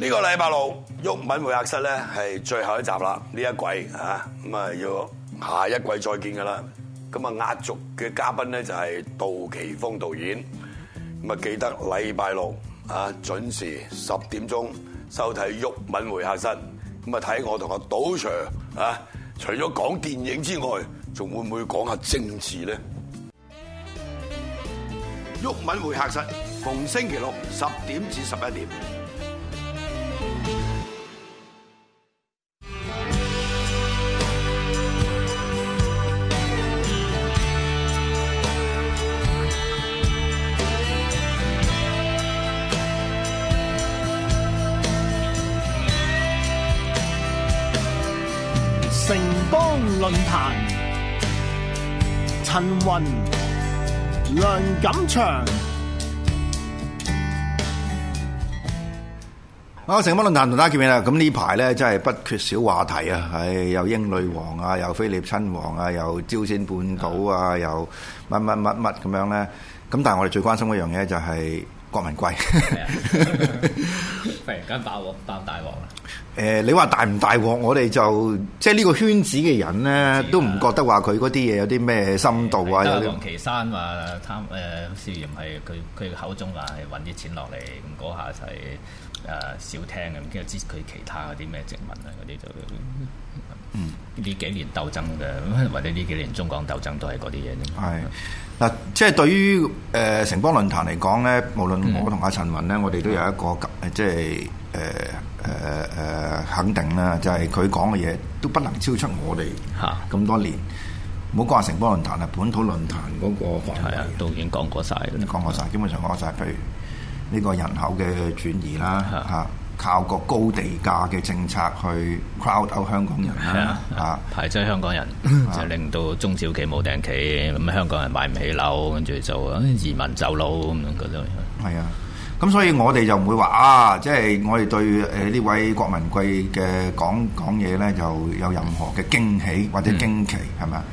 呢個禮拜六《毓民會客室》咧係最後一集啦，呢一季啊，咁啊要下一季再見噶啦。咁啊壓軸嘅嘉賓咧就係杜琪峰導演。咁啊記得禮拜六啊準時十點鐘收睇《毓民會客室》。咁啊睇我同阿杜 Sir 啊，除咗講電影之外，仲會唔會講下政治咧？《毓民會客室》逢星期六十點至十一點。陳雲、梁錦祥，好，城邦論壇同大家見面啦。咁呢排咧，真係不缺少話題啊！唉，又英女王啊，又菲利親王啊，又朝鮮半島啊，又乜乜乜乜咁樣咧。咁但係我哋最關心嗰樣嘢就係。郭文貴， 突然間爆鑊，大鑊啊！誒、呃，你話大唔大鑊？我哋就即係呢個圈子嘅人咧，啊、都唔覺得話佢嗰啲嘢有啲咩深度啊！有王、呃、岐山話貪誒，雖然係佢佢口中話係揾啲錢落嚟，咁嗰下就係誒少聽嘅，唔知佢其他嗰啲咩殖民啊嗰啲就嗯。呢幾年鬥爭嘅，或者呢幾年中港鬥爭都係嗰啲嘢。係嗱，即係對於誒城邦論壇嚟講咧，無論我同阿陳雲咧，嗯、我哋都有一個即係誒誒誒肯定啦，就係佢講嘅嘢都不能超出我哋。嚇咁多年，唔好話城邦論壇啦，本土論壇嗰個話題、啊、都已經講過晒，講過晒，啊、基本上講過晒，譬如呢個人口嘅轉移啦，嚇、啊。靠個高地價嘅政策去 crowd out 香港人啊，排擠香港人，就令到中小企冇訂企，咁香港人買唔起樓，跟住就移民走佬咁樣覺得。係啊，咁所以我哋就唔會話啊，即係我哋對誒呢位郭文貴嘅講講嘢咧，又有任何嘅驚喜或者驚奇係咪啊？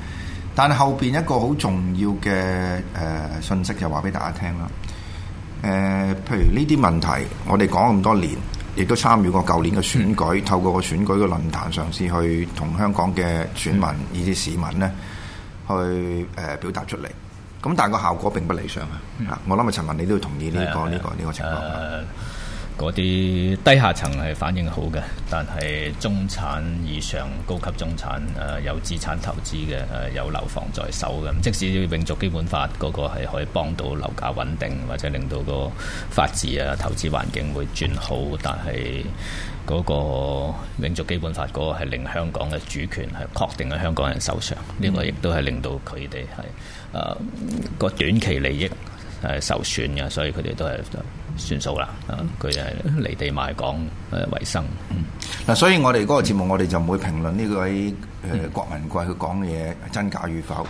但係後邊一個好重要嘅誒信息就話俾大家聽啦。誒，譬如呢啲問題，我哋講咁多年。亦都參與過舊年嘅選舉，透過個選舉嘅論壇，嘗試去同香港嘅選民以至市民呢去誒表達出嚟。咁但係個效果並不理想啊！ 我諗阿陳雲，你都要同意呢個呢個呢個情況。 嗰啲低下層係反應好嘅，但係中產以上、高級中產誒、呃、有資產投資嘅誒、呃、有樓房在手嘅，即使永續基本法，嗰個係可以幫到樓價穩定，或者令到個法治啊投資環境會轉好。但係嗰個永續基本法嗰個係令香港嘅主權係確定喺香港人手上，呢、嗯、個亦都係令到佢哋係誒個短期利益係受損嘅，所以佢哋都係。算數啦，佢係離地賣港誒、啊、為生。嗱、嗯，所以我哋嗰個節目，嗯、我哋就唔會評論呢位誒郭文貴佢講嘅嘢真假與否。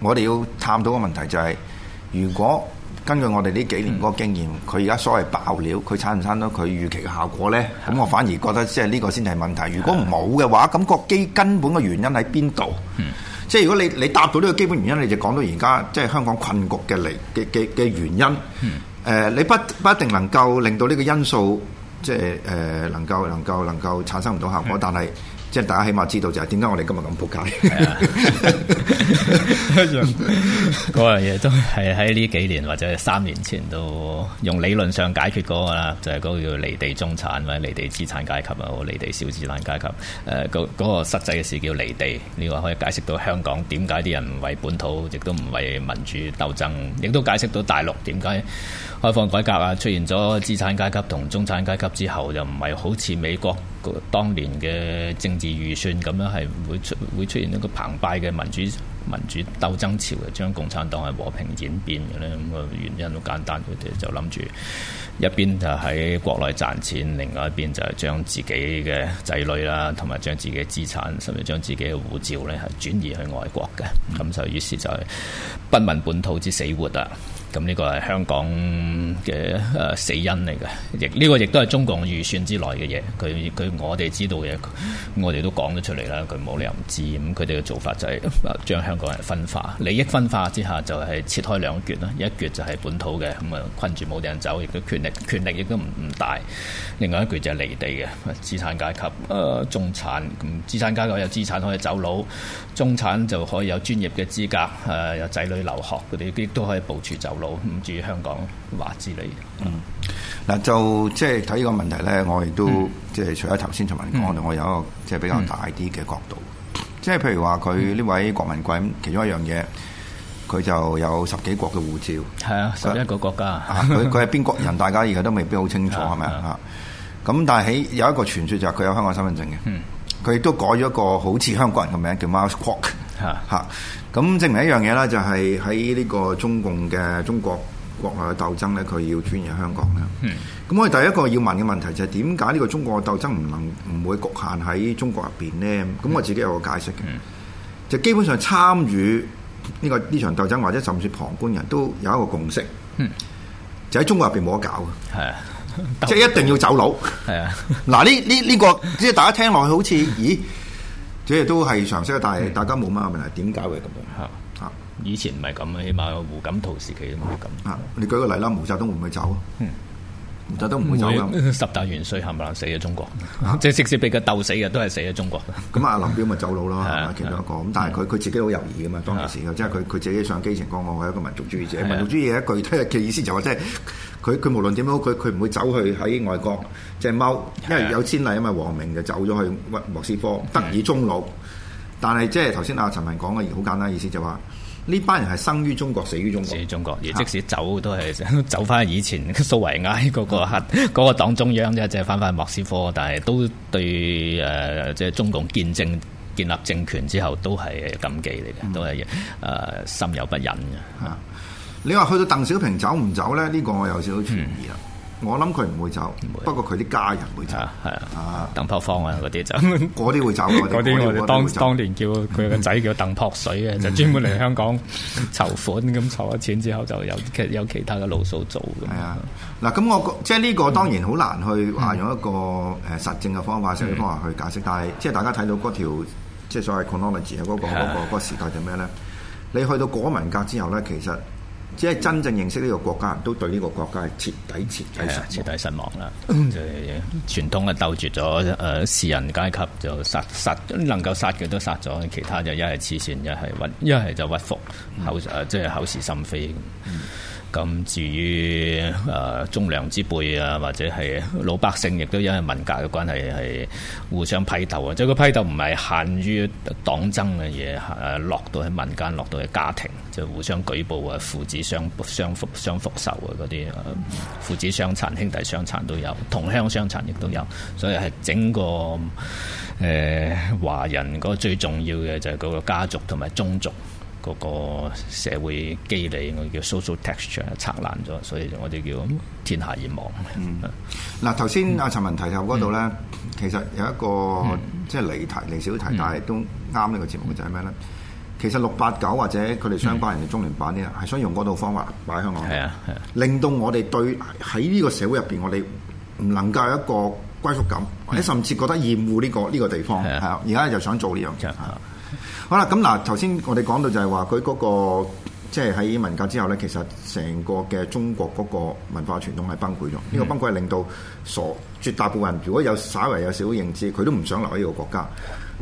我哋要探討個問題就係、是，如果根據我哋呢幾年嗰個經驗，佢而家所謂爆料，佢產唔產到佢預期嘅效果咧？咁的我反而覺得，即係呢個先係問題。如果冇嘅話，咁個基根本嘅原因喺邊度？嗯、即係如果你你答到呢個基本原因，你就講到而家即係香港困局嘅嚟嘅嘅嘅原因。嗯嗯誒，uh, 你不不一定能夠令到呢個因素，即係誒，能夠能夠能夠產生唔到效果，嗯、但係即係大家起碼知道就係點解我哋今日咁撲街。嗰樣嘢都係喺呢幾年或者三年前都用理論上解決過噶啦，就係、是、嗰個叫離地中產或者離地資產階級啊，或離地小資產階級。誒、呃，嗰嗰、嗰個實際嘅事叫離地。呢個可以解釋到香港點解啲人唔為本土，亦都唔為民主鬥爭，亦都解釋到大陸點解開放改革啊，出現咗資產階級同中產階級之後，就唔係好似美國當年嘅政治預算咁樣，係會出會出現一個澎湃嘅民主民主鬥爭潮嘅將共產黨係和平演變嘅呢，咁個原因好簡單，佢哋就諗住一邊就喺國內賺錢，另外一邊就係將自己嘅仔女啦，同埋將自己嘅資產，甚至將自己嘅護照呢，係轉移去外國嘅，咁就於是就係不問本土之死活啦。咁呢個係香港嘅誒死因嚟嘅，亦、這、呢個亦都係中共預算之內嘅嘢。佢、佢我哋知道嘅，我哋都講咗出嚟啦。佢冇理由唔知。咁佢哋嘅做法就係將香港人分化，利益分化之下就係切開兩橛啦。一橛就係本土嘅，咁、嗯、啊困住冇地人走，亦都權力權力亦都唔，唔大。另外一橛就係離地嘅資產階級誒、呃、中產，資產階級有資產可以走佬，中產就可以有專業嘅資格，誒、呃、有仔女留學，佢哋亦都可以部署走佬唔住香港話之類，嗯，嗱就即係睇呢個問題咧，我亦都即係除咗頭先陳雲講嘅，我有一個即係比較大啲嘅角度，即係譬如話佢呢位郭文貴，其中一樣嘢，佢就有十幾國嘅護照，係啊，十一個國家，佢佢係邊國人？大家而家都未必好清楚，係咪啊？咁但係喺有一個傳説就係佢有香港身份證嘅，佢亦都改咗一個好似香港人嘅名，叫 Miles Kwok 嚇咁證明一樣嘢咧，就係喺呢個中共嘅中國國內嘅鬥爭咧，佢要轉移香港咧。咁我哋第一個要問嘅問題就係點解呢個中國嘅鬥爭唔能唔會侷限喺中國入邊咧？咁我自己有個解釋嘅，就基本上參與呢個呢場鬥爭或者甚至旁觀人都有一個共識，就喺中國入邊冇得搞嘅，係啊，即係一定要走佬。係啊，嗱呢呢呢個即係大家聽落去好似咦？這都係常識，但係大家冇乜問題。點解會咁樣？以前唔係咁嘅，起碼胡錦濤時期都冇咁。嚇！你舉個例啦，毛澤東會唔會走？嗯。 就都唔會走，十大元帥冚唪唥死咗中國？ 即係直接俾佢鬥死嘅都係死咗中國。咁啊， 林彪咪走佬咯？係啊，其中一個。咁但係佢佢自己好猶豫嘅嘛，當時又 即係佢佢自己上基情講，我係一個民族主義者。 民族主義者，具體嘅意思就話即係佢佢無論點樣，佢佢唔會走去喺外國即係踎，就是、 因為有先例啊嘛。王明就走咗去莫斯科得以終老， 但係即係頭先阿陳文講嘅好簡單意思就話、是。呢班人係生於中國，死於中國。死於中國，而即使走都係走翻以前蘇維埃嗰、嗰個黑黨、嗯、 中央啫，即係翻翻莫斯科。但係都對誒，即、呃、係、就是、中共建政建立政權之後，都係感激嚟嘅，嗯、都係誒、呃、心有不忍嘅嚇、嗯啊。你話去到鄧小平走唔走咧？呢、呢個我有少少存疑、嗯我諗佢唔會走，不過佢啲家人會走，係啊，鄧樸方啊嗰啲就，嗰啲會走，嗰啲我哋當當年叫佢個仔叫鄧樸水嘅，就專門嚟香港籌款，咁籌咗錢之後就有其有其他嘅路數做。係啊，嗱咁我即係呢個當然好難去話用一個誒實證嘅方法、成啲方法去解釋，但係即係大家睇到嗰條即係所謂 k n o w 嗰個嗰個時代就咩咧？你去到改文革之後咧，其實。即係真正認識呢個國家，都對呢個國家係徹底、徹底失、嗯、底失望啦。就係、是、傳統咧鬥絕咗誒、呃、士人階級，就殺殺能夠殺嘅都殺咗，其他就一係黐線，一係屈，一係就屈服口即係口是心非。咁、嗯、至於誒忠、呃、良之輩啊，或者係老百姓，亦都因為文革嘅關係係互相批鬥啊。即係個批鬥唔係限於黨爭嘅嘢，誒、啊、落到喺民間，落到喺家庭。就互相舉報啊，父子相相復相復仇啊，嗰啲父子相殘、兄弟相殘都有，同鄉相殘亦都有，所以係整個誒、呃、華人嗰個最重要嘅就係嗰個家族同埋宗族嗰個社會肌理，我、嗰個嗰個、叫 social texture 拆爛咗，所以我哋叫天下已亡。嗱，頭先阿陳文提及嗰度咧，嗯、其實有一個、嗯、即係離題、離少少題，但係都啱、嗯嗯就是、呢個節目就係咩咧？其實六八九或者佢哋相關人嘅中聯版呢，人、嗯，係想用嗰套方法擺喺香港，啊啊、令到我哋對喺呢個社會入邊，我哋唔能夠有一個歸屬感，或者、嗯、甚至覺得厭惡呢、呢個呢、呢個地方。係啊，而家就想做呢樣嘢。係好啦，咁嗱，頭先我哋講到就係話佢嗰個即係喺文革之後咧，其實成個嘅中國嗰個文化傳統係崩潰咗。呢、嗯、個崩潰係令到所絕大部分人，如果有稍微有少少認知，佢都唔想留喺呢個國家。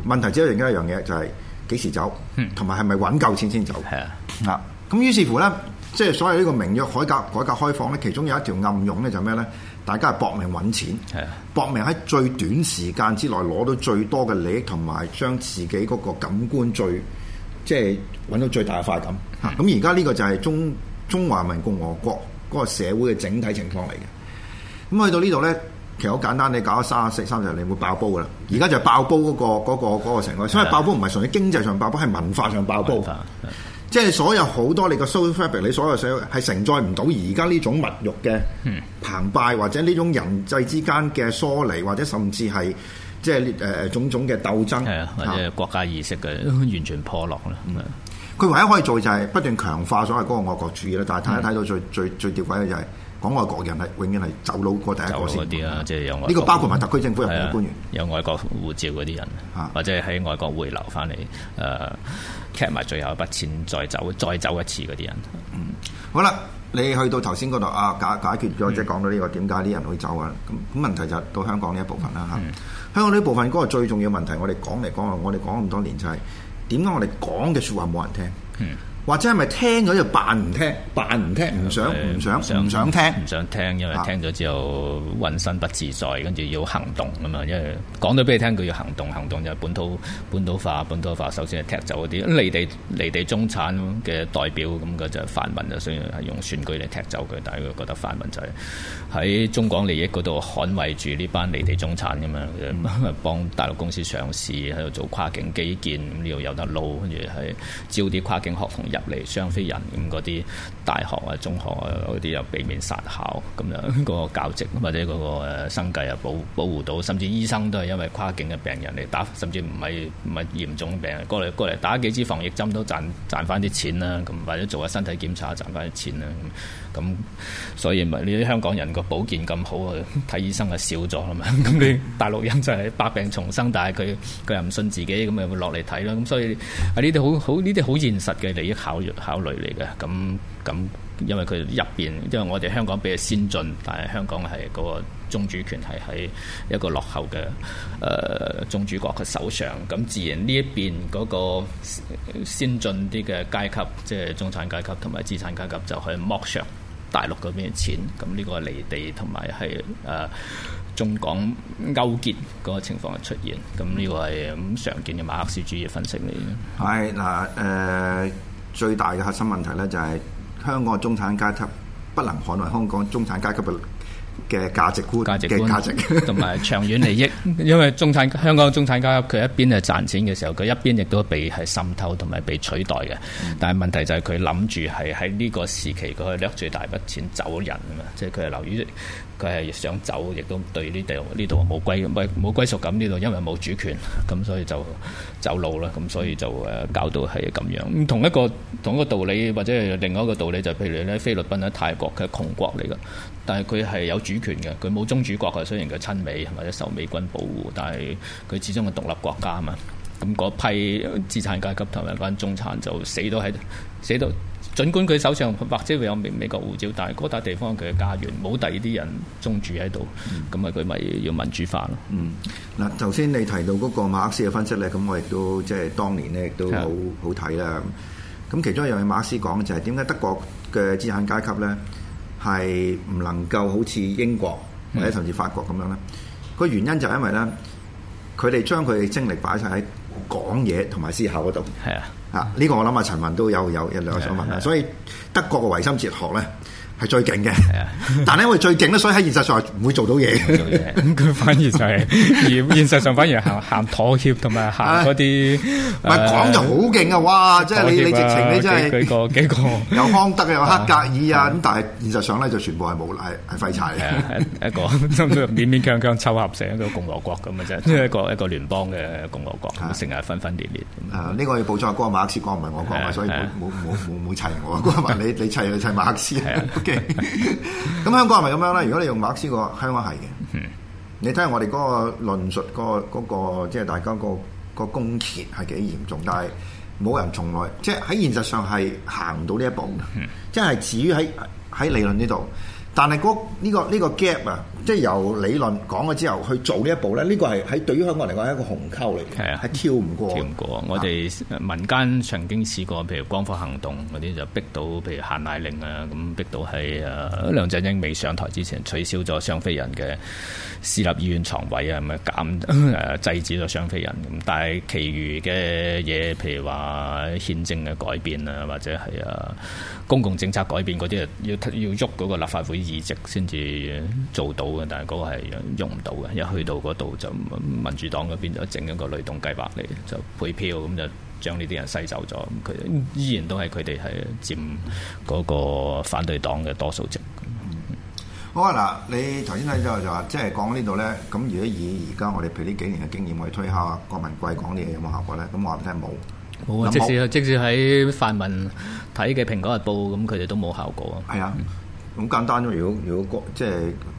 問題只係另一樣嘢就係、是。就是幾時走？同埋係咪揾夠錢先走？係啊的，咁於是乎呢，即係所謂呢個名約改革、改革開放呢，其中有一條暗湧呢，就咩呢？大家係搏命揾錢，搏的命喺最短時間之內攞到最多嘅利益，同埋將自己嗰個感官最即係揾到最大嘅快感。咁而家呢個就係中中華民共和國嗰個社會嘅整體情況嚟嘅。咁去到呢度呢。其實好簡單，你搞咗三、四、三十你會爆煲噶啦。而家就係爆煲嗰、嗰個、嗰、嗰、成個，嗰個、成的所以爆煲唔係純粹經濟上爆煲，係文化上爆煲。即係所有好多你個 social fabric，你所有所有係承載唔到而家呢種物欲嘅澎湃，或者呢種人際之間嘅疏離，或者甚至係即係誒誒種種嘅鬥爭，或者國家意識嘅完全破落啦。佢唯一可以做就係不斷強化所謂嗰個愛國主義啦，但係睇一睇到最、嗯、最最吊詭嘅就係、是、講外國人係永遠係走佬過第一個先、啊。啲啦問，即係有呢個包括埋特區政府入面嘅官員，有外國護照嗰啲人，的或者喺外國回流翻嚟，誒、呃，吸埋最後一筆錢再走，再走一次嗰啲人。嗯、好啦，你去到頭先嗰度啊，解解決咗、嗯，即係講到呢、這個點解啲人會走啊？咁咁問題就到香港呢一部分啦嚇、嗯嗯啊。香港呢部分嗰個最重要問題，我哋講嚟講去，我哋講咁多年就係、是。點解我哋講嘅說話冇人聽？嗯。或者係咪聽咗就扮唔聽，扮唔聽，唔想唔想唔想聽，唔想聽，因為聽咗之後渾身不自在，跟住要行動啊嘛，因為講到俾你聽，佢要行動，行動就係本土本土化，本土化，首先係踢走嗰啲離地離地中產嘅代表咁嘅就泛民，就所以係用選舉嚟踢走佢，但係佢覺得泛民就係喺中港利益嗰度捍衞住呢班離地中產咁樣，嗯、 幫大陸公司上市喺度做跨境基建，咁呢度有得撈，跟住係招啲跨境學入嚟雙非人咁，嗰啲大學啊、中學啊嗰啲又避免殺校咁樣，嗰、嗰個教職或者嗰個誒生計又保保護到，甚至醫生都係因為跨境嘅病人嚟打，甚至唔係唔係嚴重病人過嚟過嚟打幾支防疫針都賺賺翻啲錢啦，咁或者做下身體檢查賺翻啲錢啦。咁所以咪你啲香港人個保健咁好啊，睇 醫生啊少咗啦嘛。咁 你大陸人就係百病重生，但係佢佢又唔信自己，咁咪會落嚟睇啦。咁所以係呢啲好好呢啲好現實嘅利益考慮考慮嚟嘅。咁咁因為佢入邊，因為我哋香港比較先進，但係香港係個宗主權係喺一個落後嘅誒宗主國嘅手上。咁自然呢一邊嗰個先進啲嘅階級，即係中產階級同埋資產階級就去剝削。大陸嗰邊嘅錢，咁呢個離地同埋係誒中港勾結嗰個情況嘅出現，咁呢個係咁常見嘅馬克思主義分析嚟嘅。係嗱誒，最大嘅核心問題咧就係香港嘅中產階級不能捍衛香港中產階級嘅。嘅價值觀、價值觀、價值，同埋長遠利益。 因為中產香港中產階級，佢一邊係賺錢嘅時候，佢一邊亦都被係滲透同埋被取代嘅。但係問題就係佢諗住係喺呢個時期，佢去掠住大筆錢走人啊嘛。即係佢係留於，佢係想走，亦都對呢度呢度冇歸冇歸屬感呢度，因為冇主權，咁所以就走路啦。咁所以就誒搞到係咁樣。同一個同一個道理，或者係另外一個道理，就係，譬如咧，菲律賓喺泰國嘅窮國嚟噶。但係佢係有主權嘅，佢冇宗主國嘅。雖然佢親美或者受美軍保護，但係佢始終係獨立國家啊嘛。咁嗰批資產階級同埋班中產就死都喺度，死到，儘管佢手上或者有美美國護照，但係嗰笪地方佢嘅家園冇第二啲人宗主喺度，咁啊佢咪要民主化咯？嗯，嗱，頭先你提到嗰個馬克思嘅分析咧，咁我亦都即係當年咧亦都好的好睇啦。咁其中一樣馬克思講就係點解德國嘅資產階級咧？係唔能夠好似英國或者甚至法國咁樣咧？個、嗯、原因就係因為咧，佢哋將佢哋精力擺晒喺講嘢同埋思考嗰度。係啊，啊呢個我諗啊，陳雲都有有有兩個想問啊。所以德國嘅唯心哲學咧。係最勁嘅，但係因為最勁咧，所以喺現實上係唔會做到嘢。咁佢反而就係，而現實上反而係行妥協同埋行嗰啲。唔係講就好勁啊！哇，即係你你直情你真係幾個幾個，有康德啊，有黑格爾啊，咁但係現實上咧就全部係冇啦，係係廢柴。係一個，勉勉強強湊合成一個共和國咁嘅啫，一個一個聯邦嘅共和國，成日分分裂裂。呢個要補充阿哥馬克思講，唔係我講啊，所以冇冇冇冇砌我。哥問你，你砌就砌馬克思。咁 Okay. 嗯、香港係咪咁樣咧？如果你用馬克思嘅話，香港係嘅。Mm hmm. 你睇下我哋嗰個論述，嗰個，嗰、嗰個即係、就是、大家、個個攻劫係幾嚴重，但係冇人從來即係喺現實上係行唔到呢一步嘅，mm hmm. 即係止於喺喺理論呢度。但係呢、呢個呢、呢個 gap 啊，即係由理論講咗之後去做呢一步咧，呢、呢個係喺對於香港人嚟講係一個鴻溝嚟嘅，係是跳唔過。跳唔過。我哋民間曾經試過，譬如光復行動嗰啲，就逼到譬如限奶令啊，咁逼到係啊梁振英未上台之前取消咗雙非人嘅私立醫院床位、嗯、啊，咁啊減誒制止咗雙非人。咁但係，其餘嘅嘢，譬如話憲政嘅改變啊，或者係啊。公共政策改變嗰啲啊，要要喐嗰個立法會議席先至做到嘅，但係嗰個係喐唔到嘅。一去到嗰度就民主黨嗰邊就整一個雷動計劃嚟，就配票咁就將呢啲人篩走咗。佢依然都係佢哋係佔嗰個反對黨嘅多數席。嗯、好啊，嗱，你頭先睇之後就話，即係講呢度咧。咁如果以而家我哋譬如呢幾年嘅經驗去推敲郭文貴講嘢有冇效果咧？咁我話俾你聽，冇。即使啊，即使喺泛民睇嘅《蘋果日報》，咁佢哋都冇效果啊。係啊、嗯，咁簡單啫。如果如果即係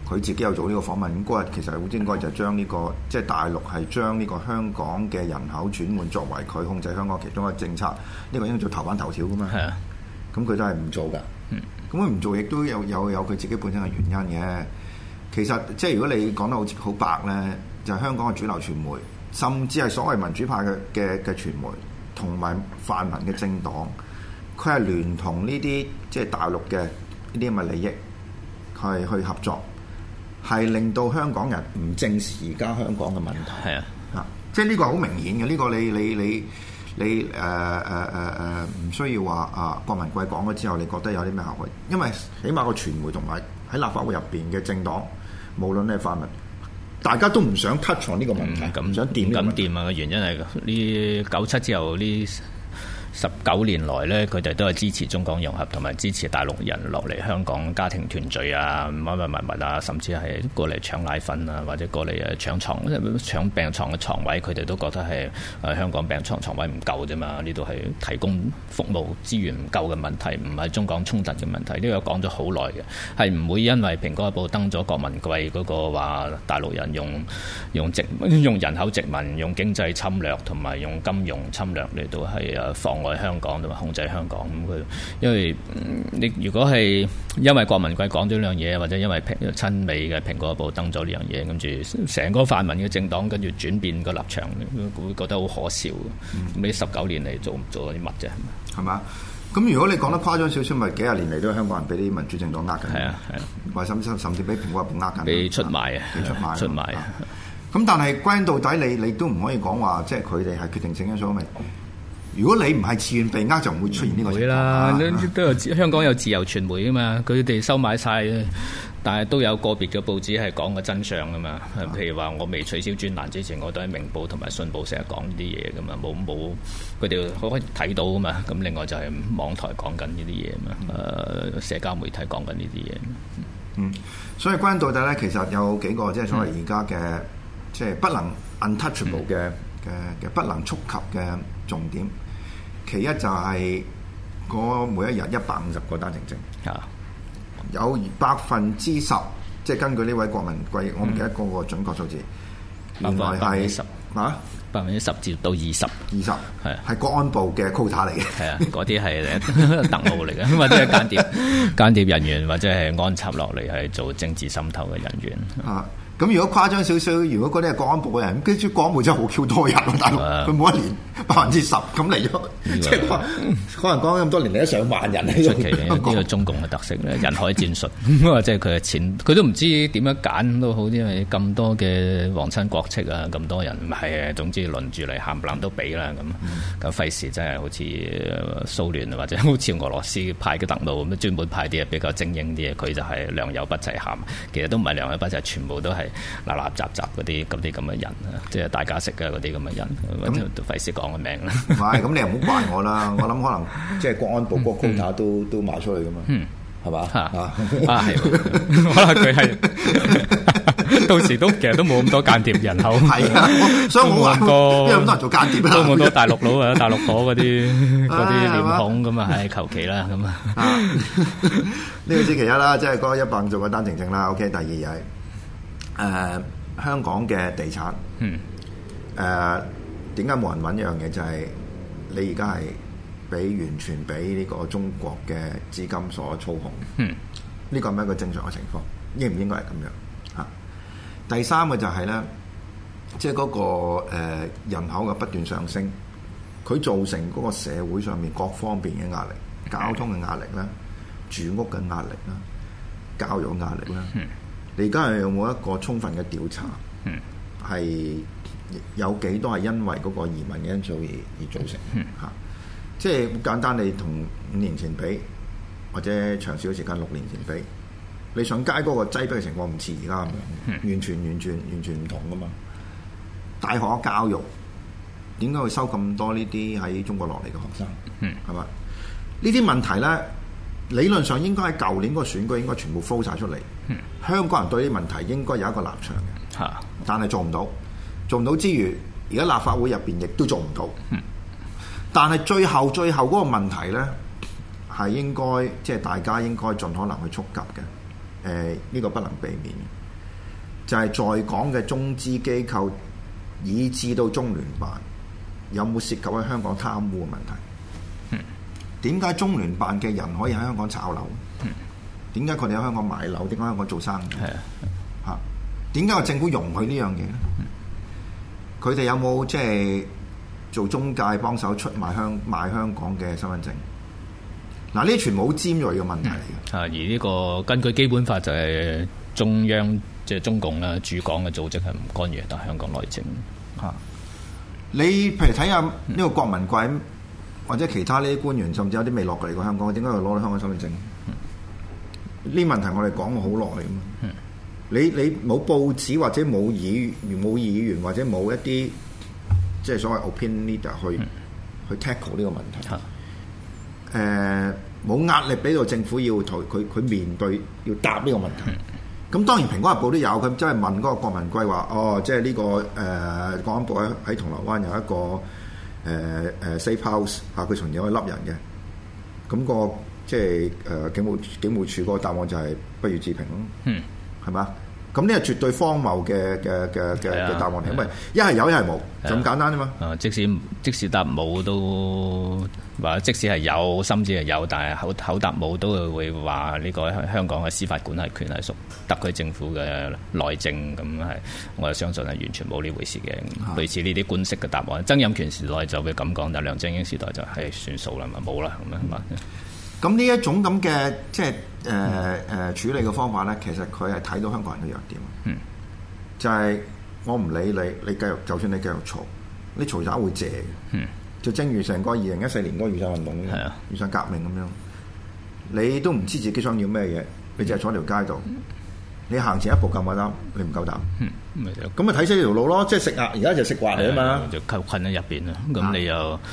佢自己有做呢個訪問，咁嗰日其實應該就將呢個即係大陸係將呢個香港嘅人口轉換作為佢控制香港其中一個政策。呢個應該做頭版頭條噶嘛。係啊，咁佢都係唔做噶。嗯，咁佢唔做亦都有有有佢自己本身嘅原因嘅。其實即係如果你講得好好白咧，就係香港嘅主流傳媒，甚至係所謂民主派嘅嘅嘅傳媒。同埋泛民嘅政黨，佢係聯同呢啲即係大陸嘅呢啲咁嘅利益，係去合作，係令到香港人唔正視而家香港嘅問題。係啊，啊，即係呢個好明顯嘅，呢個你你你你誒誒誒誒唔需要話啊，郭文貴講咗之後，你覺得有啲咩效果？因為起碼個傳媒同埋喺立法會入邊嘅政黨，無論你係泛民。大家都唔想 cut 房呢個問題，唔、嗯、想掂，唔、嗯、敢掂啊！個原因係，呢九七之後呢。十九年來呢，佢哋都係支持中港融合，同埋支持大陸人落嚟香港家庭團聚啊，乜乜乜乜啊，甚至係過嚟搶奶粉啊，或者過嚟誒搶床搶病床嘅床位，佢哋都覺得係誒香港病床床位唔夠啫嘛，呢度係提供服務資源唔夠嘅問題，唔係中港衝突嘅問題。呢個講咗好耐嘅，係唔會因為蘋果日報登咗郭文貴嗰個話大陸人用用殖、用人口殖民、用經濟侵略同埋用金融侵略嚟到係誒放。在香港同埋控制香港，咁、嗯、佢因為你、嗯、如果係因為郭文貴講咗呢樣嘢，或者因為親美嘅蘋果日報登咗呢樣嘢，跟住成個泛民嘅政黨跟住轉變個立場，會覺得好可笑。咁你十九年嚟做做咗啲乜啫？係嘛？咁如果你講得誇張少少，咪幾廿年嚟都香港人俾啲民主政黨呃緊，係啊，係啊，甚至甚至俾蘋果日報呃緊，你出賣啊，俾出賣，出賣。咁但係歸到底，你你都唔可以講話，即係佢哋係決定性因素嚟。如果你唔係自願被呃，就唔會出現呢個情況會啦。啊、都有香港有自由傳媒啊嘛，佢哋收買晒，但係都有個別嘅報紙係講個真相㗎嘛。啊譬如話，我未取消專欄之前，我都喺明報同埋信報成日講呢啲嘢噶嘛，冇冇佢哋可以睇到啊嘛。咁另外就係網台講緊呢啲嘢啊嘛，誒、呃、社交媒體講緊呢啲嘢。嗯，所以歸根到底咧，其實有幾個即係所謂而家嘅，即係、嗯、不能 untouchable 嘅嘅嘅、嗯、不能觸及嘅重點。其一就係個每一日一百五十個單程證，有百分之十，即係根據呢位郭文貴，我唔記得嗰個準確數字，嗯、原來係十啊，百分之十至、啊、到二十，二十係啊，係公安部嘅 quota 嚟嘅，係啊，嗰啲係特務嚟嘅，啊、 或者間諜，間諜人員或者係安插落嚟係做政治滲透嘅人員啊。咁如果誇張少少，如果嗰啲係國安部嘅人，跟住國安部真係好 Q 多人喎，大陸佢、啊、每一年百分之十咁嚟咗，啊、即係講講嚟講咁多年嚟都上萬人唔出奇，呢個 中共嘅特色咧，人海戰術， 即係佢嘅前，佢都唔知點樣揀都好，因為咁多嘅皇親國戚啊，咁多人，係啊，總之輪住嚟冚唪唥都畀啦咁，咁費事真係好似蘇聯或者好似俄羅斯派嘅特務咁，專門派啲比較精英啲嘅，佢就係良莠不齊喊，其實都唔係良莠不齊，全部都係。雜雜嗰啲咁啲咁嘅人，即係大家食嘅嗰啲咁嘅人，或者都費事講個名啦。咁，你又唔好怪我啦。我諗可能即係國安部個高打都都賣出去噶嘛，係嘛啊啊係，可能佢係到時都其實都冇咁多間諜人口。係所以我唔多，因為咁多人做間諜都冇多大陸佬啊，大陸婆嗰啲嗰啲面孔咁啊，係求其啦咁啊。呢個先其一啦，即係嗰一百做個單程證啦。OK，第二日。誒、uh, 香港嘅地產，誒點解冇人揾一樣嘢就係你而家係俾完全俾呢個中國嘅資金所操控嘅，呢個係咪一個正常嘅情況？應唔應該係咁樣？嚇、啊，第三個就係咧，即係嗰個、呃、人口嘅不斷上升，佢造成嗰個社會上面各方面嘅壓力、交通嘅壓力啦、住屋嘅壓力啦、教育壓力啦。嗯嗯。你而家係有冇一個充分嘅調查？係、嗯、有幾多係因為嗰個移民嘅因素而而造成？嚇、嗯啊，即係簡單，你同五年前比，或者長少時間六年前比，你上街嗰個擠迫嘅情況唔似而家咁樣，完全完全完全唔同噶嘛？大學教育點解會收咁多呢啲喺中國落嚟嘅學生？係嘛、嗯？呢啲問題咧。理論上應該喺舊年嗰個選舉應該全部剖晒出嚟，嗯、香港人對呢啲問題應該有一個立場嘅，啊、但係做唔到，做唔到之餘，而家立法會入邊亦都做唔到。嗯、但係最後最後嗰個問題咧，係應該即係、就是、大家應該盡可能去觸及嘅，誒、呃、呢、這個不能避免，就係、是、在港嘅中資機構，以至到中聯辦，有冇涉及喺香港貪污嘅問題？點解中聯辦嘅人可以喺香港炒樓？點解佢哋喺香港買樓？點解香港做生意？吓？點解個政府容許呢樣嘢咧？佢哋有冇即係做中介幫手出賣香賣香港嘅身份證？嗱，呢啲全部好尖銳嘅問題嚟嘅。吓，而呢個根據基本法就係中央即係、就是、中共啦，主港駐港嘅組織係唔干預，但香港內政吓。你譬如睇下呢個郭文貴。或者其他呢啲官員，甚至有啲未落嚟過香港，點解會攞到香港身份證？呢、嗯、問題我哋講過好耐咁啊！你你冇報紙或者冇議冇議員或者冇一啲即係所謂 opinion leader 去、嗯、去 tackle 呢個問題，誒冇、嗯呃、壓力俾到政府要同佢佢面對要答呢個問題。咁、嗯、當然《蘋果日報》都有佢真係問嗰個國民規劃，哦，即係呢、呢個誒國、呃、安部喺喺銅鑼灣有一個。誒誒、uh, uh, Safe House 吓，佢從而可以笠人嘅，咁個即係誒警務警務處嗰個答案就係不予置評咯，嗯，係嘛？咁呢個絕對荒謬嘅嘅嘅嘅嘅答案嚟，唔係一係有一係冇，咁是、啊、簡單啫嘛、嗯。即使即使答冇都。或者即使係有，甚至係有，但係口口答冇都會話呢個香港嘅司法管轄權係屬特區政府嘅內政咁係，我係相信係完全冇呢回事嘅。啊、類似呢啲官式嘅答案，曾蔭權時代就會咁講，但梁振英時代就係、是嗯哎、算數啦嘛，冇啦咁，啊咁呢一種咁嘅即係誒誒處理嘅方法咧，其實佢係睇到香港人嘅弱點。嗯，就係我唔理你，你繼續，就算你繼續嘈，你嘈渣會謝。嗯。就正如成個二零一四年嗰個雨傘運動咁，雨傘、啊、革命咁樣，你都唔知自己想要咩嘢，你就係坐條街度，你行前一步夠唔夠膽？你唔夠膽。夠膽嗯，咁咪睇死條路咯，即係食啊！而家就食慣嚟啊嘛，就扣困喺入邊啦。咁你又～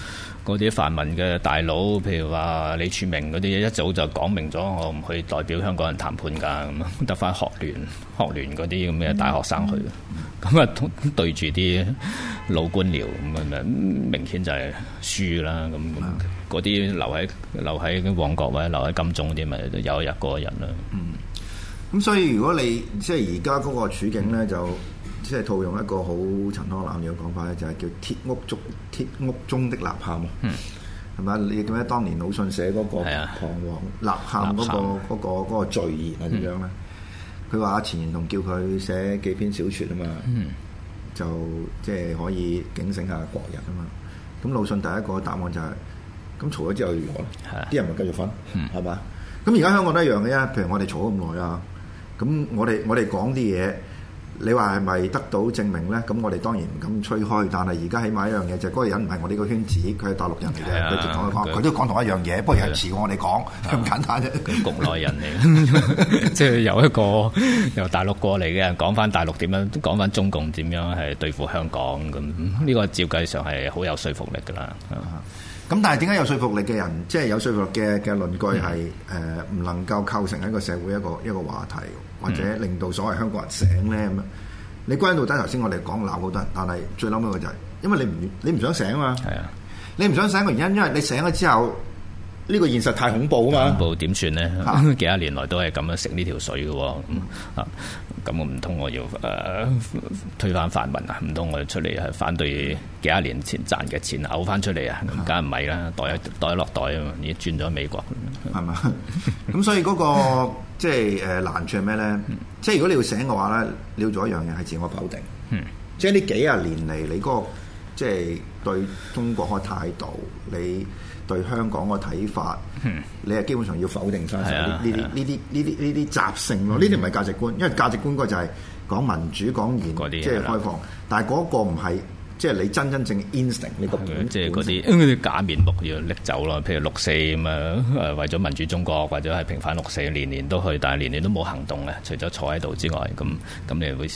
嗰啲泛民嘅大佬，譬如話李柱銘嗰啲，一早就講明咗，我唔去代表香港人談判㗎，咁得返學聯、學聯嗰啲咁嘅大學生去，咁啊、嗯嗯、對住啲老官僚，咁啊、嗯、明顯就係輸啦。咁嗰啲留喺留喺旺角或者留喺金鐘嗰啲，咪有一日過一日啦。嗯，咁所以如果你即係而家嗰個處境咧，就。即係套用一個好陳康冷嘅講法咧，就係、是、叫鐵屋中鐵屋中的吶喊啊，係咪、嗯、你點解當年魯迅寫嗰個彷徨吶的喊嗰、那個嗰喊、那個嗰、那個、言啊？點、嗯、樣咧？佢話阿錢玄同叫佢寫幾篇小説啊嘛，嗯、就即係、就是、可以警醒下國人啊嘛。咁魯迅第一個答案就係、是：咁嘈咗之後如何咧？啲的人咪繼續瞓，係咪咁而家香港都一樣嘅啫。譬如我哋嘈咗咁耐啊，咁我哋我哋講啲嘢。你話係咪得到證明咧？咁我哋當然唔敢吹開，但係而家起碼一樣嘢就嗰個人唔係我哋個圈子，佢係大陸人嚟嘅。佢、啊、都講同一樣嘢，啊、不過有時我哋講咁簡單啫。局內人嚟嘅，即係由一個 由大陸過嚟嘅人講返大陸點樣，講返中共點樣係對付香港咁，呢個照計上係好有說服力㗎啦。咁但係點解有說服力嘅人，即係有說服力嘅嘅論據係誒唔能夠構成一個社會一個一個話題，或者令到所謂香港人醒咧咁啊？Mm hmm. 你歸到底頭先，我哋講鬧好多人，但係最諗一嘅就係，因為你唔你唔想醒啊嘛。係啊、mm，hmm. 你唔想醒嘅原因，因為你醒咗之後。呢個現實太恐怖啊嘛！恐怖點算咧？幾廿年來都係咁樣食呢條水嘅，咁啊我唔通我要誒推翻泛民啊？唔通我哋出嚟係反對？幾廿年前賺嘅錢嘔翻出嚟啊？咁梗係唔係啦？袋一袋落袋啊嘛，已經轉咗美國，係嘛？咁所以嗰個即係誒難處係咩咧？即係如果你要醒嘅話咧，你要做一樣嘢，係自我否定。即係呢幾廿年嚟，你嗰個即係對中國嘅態度，你。對香港個睇法，嗯、你係基本上要否定曬呢啲呢啲呢啲呢啲習性咯，呢啲唔係價值觀，因為價值觀嗰個就係講民主講言，即係開放，的但係嗰個唔係。即係你真真正 instinct 你個本，即係嗰啲假面目要拎走咯。譬如六四咁啊，為咗民主中國或者係平反六四，年年都去，但係年年都冇行動嘅，除咗坐喺度之外，咁咁你會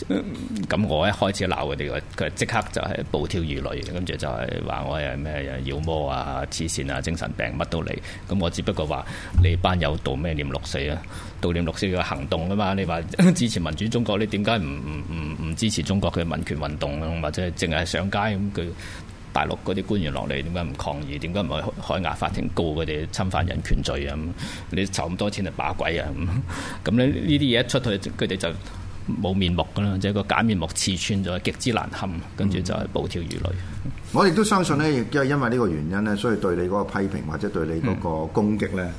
咁 我一開始鬧佢哋，佢即刻就係暴跳如雷，跟住就係話我係咩妖魔啊、黐線啊、精神病乜、啊、都嚟。咁我只不過話你班友道咩念六四啊。悼念六四嘅行動啊嘛！你話支持民主中國，你點解唔唔唔支持中國嘅民權運動啊？或者係淨係上街咁？佢大陸嗰啲官員落嚟，點解唔抗議？點解唔去海牙法庭告佢哋侵犯人權罪啊？你籌咁多錢嚟把鬼啊？咁咧呢啲嘢一出去，佢哋就冇面目噶啦，即係個假面目刺穿咗，極之難堪，跟住就係暴跳如雷。嗯、我亦都相信呢，亦都係因為呢個原因呢，所以對你嗰個批評或者對你嗰個攻擊呢。嗯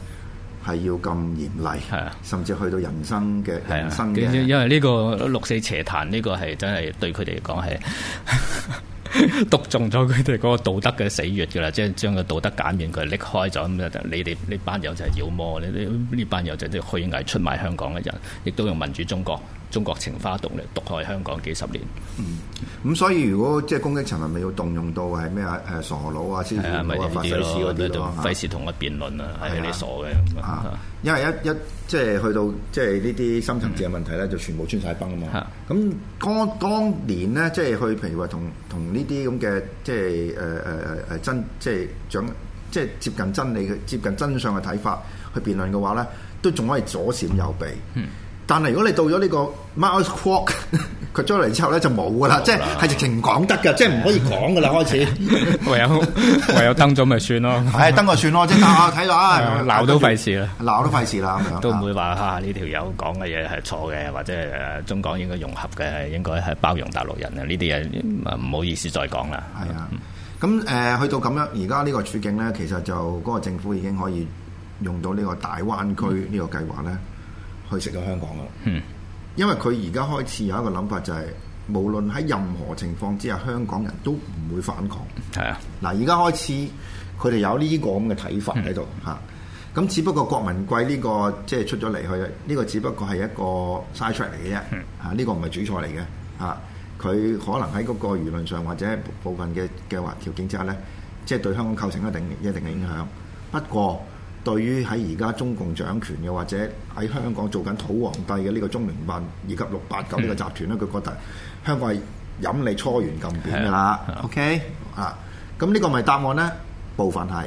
係要咁嚴厲，甚至去到人生嘅，人生嘅，因為呢個六四邪壇呢個係真係對佢哋嚟講係篤中咗佢哋嗰個道德嘅死穴㗎啦，即係將個道德減免，佢裂開咗咁啊！你哋呢班友就係妖魔，呢呢班友就係啲虛偽出賣香港嘅人，亦都用民主中國。中國情花毒嚟毒，毒害香港幾十年。嗯，咁、嗯、所以如果即係攻擊陳雲，咪要動用到係咩、呃、啊？誒，傻佬啊，師傅啊，法西斯嗰啲咯，費事同我辯論啊，係你傻嘅。咁因為一一即係去到即係呢啲深層次嘅問題咧，嗯、就全部穿晒崩啊嘛。咁當當年咧，即係去譬如話同同呢啲咁嘅即係誒誒誒真即係長即係接近真理嘅接近真相嘅睇法去辯論嘅話咧，都仲可以左閃右避。嗯。但係如果你到咗呢個 mouse walk，佢出嚟之後咧，就冇噶啦，即係係直情唔講得噶，即係唔可以講噶啦開始。唯有唯有登咗咪算咯，係登就算咯，即係鬧下睇下，鬧都費事啦，鬧都費事啦，都唔會話嚇呢條友講嘅嘢係錯嘅，或者誒中港應該融合嘅，應該係包容大陸人啊！呢啲嘢唔好意思再講啦。係啊，咁誒去到咁樣，而家呢個處境咧，其實就嗰個政府已經可以用到呢個大灣區呢個計劃咧。去食咗香港噶啦，嗯，因為佢而家開始有一個諗法，就是，就係無論喺任何情況之下，香港人都唔會反抗。係啊，嗱，而家開始佢哋有呢個咁嘅睇法喺度嚇，咁只不過郭文貴呢、這個即係、就是、出咗嚟，去，呢個只不過係一個嘥出嚟嘅啫，嚇呢、嗯啊這個唔係主菜嚟嘅，嚇、啊、佢可能喺嗰個輿論上或者部分嘅嘅橫條警察呢，即、就、係、是、對香港構成一定一定嘅影響，嗯、不過。對於喺而家中共掌權嘅，或者喺香港做緊土皇帝嘅呢個中聯辦，以及六八九呢個集團咧，佢、嗯、覺得香港係飲你初元咁點嘅啦。的 OK 啊、嗯，咁呢個咪答案呢？部分係，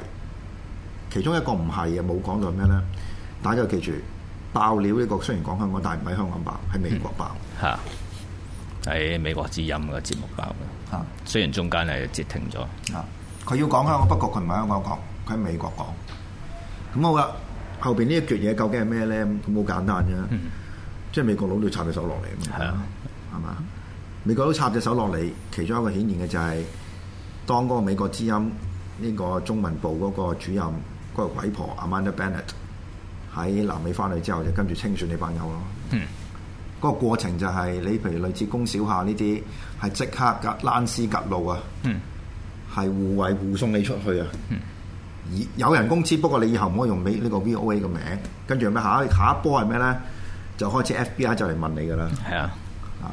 其中一個唔係嘅，冇講到咩呢？大家記住，爆料呢、呢個雖然講香港，但係唔喺香港爆，喺美國爆。嚇、嗯！喺美國之音嘅節目爆嘅。嚇的！雖然中間係截停咗。嚇！佢要講香港，不過佢唔喺香港講，佢喺美國講。咁、嗯、好啦，後邊呢一撅嘢究竟係咩咧？咁、嗯、好簡單啫，嗯、即係美國佬都插隻手落嚟啊嘛。係啊、嗯，係嘛？美國佬插隻手落嚟，其中一個顯現嘅就係、是、當嗰個美國之音呢、這個中文部嗰個主任嗰、那個鬼婆 Amanda Bennett 喺南美翻嚟之後，就跟住清算你班友咯。嗯，嗰個過程就係、是、你譬如類似龔小夏呢啲係即刻夾攔絲夾路啊，係、嗯、護衞護送你出去啊。嗯以有人工資，不過你以後唔可以用你呢個 VOA 嘅名。跟住咩？下下一波係咩咧？就開始 FBI 就嚟問你噶啦。係啊，啊！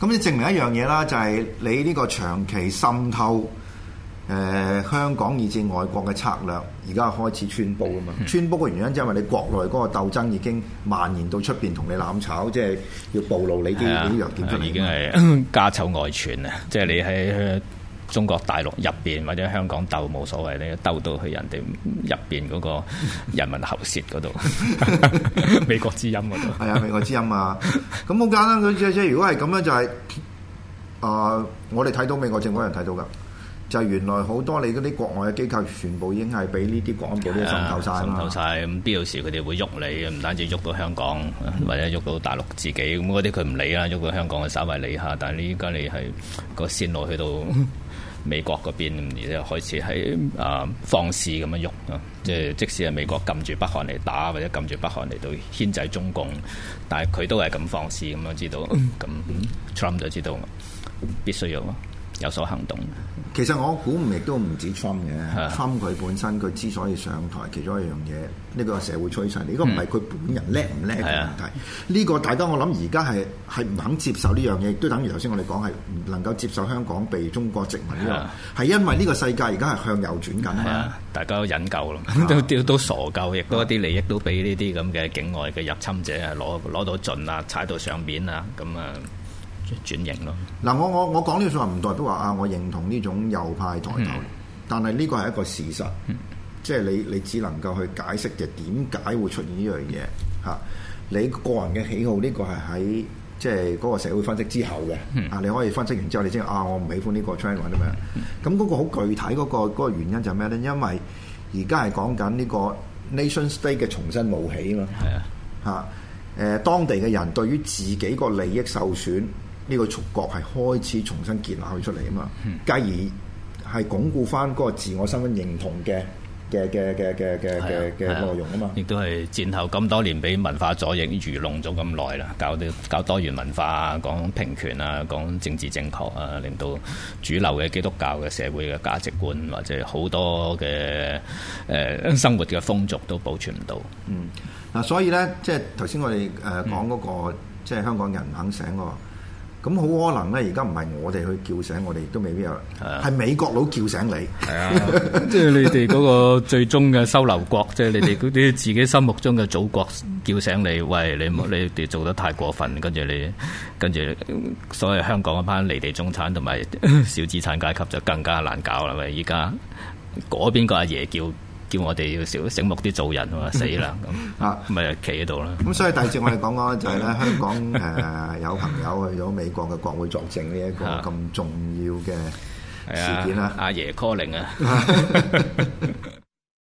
咁你證明一樣嘢啦，就係、是、你呢個長期滲透誒、呃、香港以至外國嘅策略，而家開始穿煲啊嘛。嗯、穿煲嘅原因就係因為你國內嗰個鬥爭已經蔓延到出邊，同你攬炒，即係要暴露你啲、啊、你啲弱點出嚟。已經係家醜外傳啊！即係你喺～中國大陸入邊或者香港鬥冇所謂咧，鬥到去人哋入邊嗰個人民喉舌嗰度， 美國之音嗰度。係啊、 哎，美國之音啊。咁好簡單佢只啫。如果係咁樣就係、是，啊、呃，我哋睇到美國政府人睇到㗎，就係、是、原來好多你嗰啲國外嘅機構，全部已經係俾呢啲國安部啲滲透晒。啦、哎。滲透曬咁，必要時佢哋會喐你，唔單止喐到香港，或者喐到大陸自己。咁嗰啲佢唔理啦，喐到香港就稍微理下。但係你依家你係個線路去到。 美國嗰邊而家開始喺啊放肆咁樣喐，即係即使係美國撳住北韓嚟打，或者撳住北韓嚟到牽制中共，但係佢都係咁放肆咁樣知道，咁 Trump 就知道必須要。有所行動。其實我估唔亦都唔止侵嘅，侵佢、啊、本身佢之所以上台，其中一樣嘢，呢、這個社會趨勢。你如果唔係佢本人叻唔叻嘅問題，呢、啊、個大家我諗而家係係唔肯接受呢樣嘢，都等於頭先我哋講係唔能夠接受香港被中國殖民呢樣，係、啊、因為呢個世界而家係向右轉緊啊！大家都忍夠啦，都都傻夠，亦多啲利益都俾呢啲咁嘅境外嘅入侵者係攞攞到盡啦，踩到上面啦，咁啊～轉型咯嗱，我我我講呢句話，唔代表話啊，我認同呢種右派抬頭，嗯、但係呢個係一個事實，即係你你只能夠去解釋就點解會出現呢樣嘢嚇。你個人嘅喜好呢個係喺即係嗰個社會分析之後嘅啊。嗯、你可以分析完之後，你先啊，我唔喜歡呢個 channel 咁咁嗰個好具體嗰、嗰個嗰個原因就咩呢？因為而家係講緊呢個 nation state 嘅重新冒起嘛，係啊嚇。誒、呃，當地嘅人對於自己個利益受損。呢個觸角係開始重新建立出嚟啊嘛，繼而係鞏固翻嗰個自我身份認同嘅嘅嘅嘅嘅嘅嘅嘅內容啊嘛，亦都係戰後咁多年俾文化左翼愚弄咗咁耐啦，搞啲搞多元文化啊，講平權啊，講政治正確啊，令到主流嘅基督教嘅社會嘅價值觀或者好多嘅誒、呃、生活嘅風俗都保存唔到。嗯，嗱、嗯啊、所以咧，即係頭先我哋誒講嗰個，即係香港人肯醒嗰個咁好可能咧，而家唔係我哋去叫醒我，我哋都未必有。係是、啊、美國佬叫醒你，係是啊， 即係你哋嗰個最終嘅收留國，即係 你哋啲自己心目中嘅祖國叫醒你。喂，你冇你哋做得太過分，跟住你跟住所謂香港嗰班離地中產同埋小資產階級就更加難搞啦！喂，依家嗰邊個阿爺叫。叫我哋要少醒目啲做人喎，死啦咁啊，咪企喺度啦。咁所以第二節我哋講講就係、是、咧， 香港誒、呃、有朋友去咗美國嘅國會作證呢一個咁重要嘅事件啦。阿爺 calling 啊！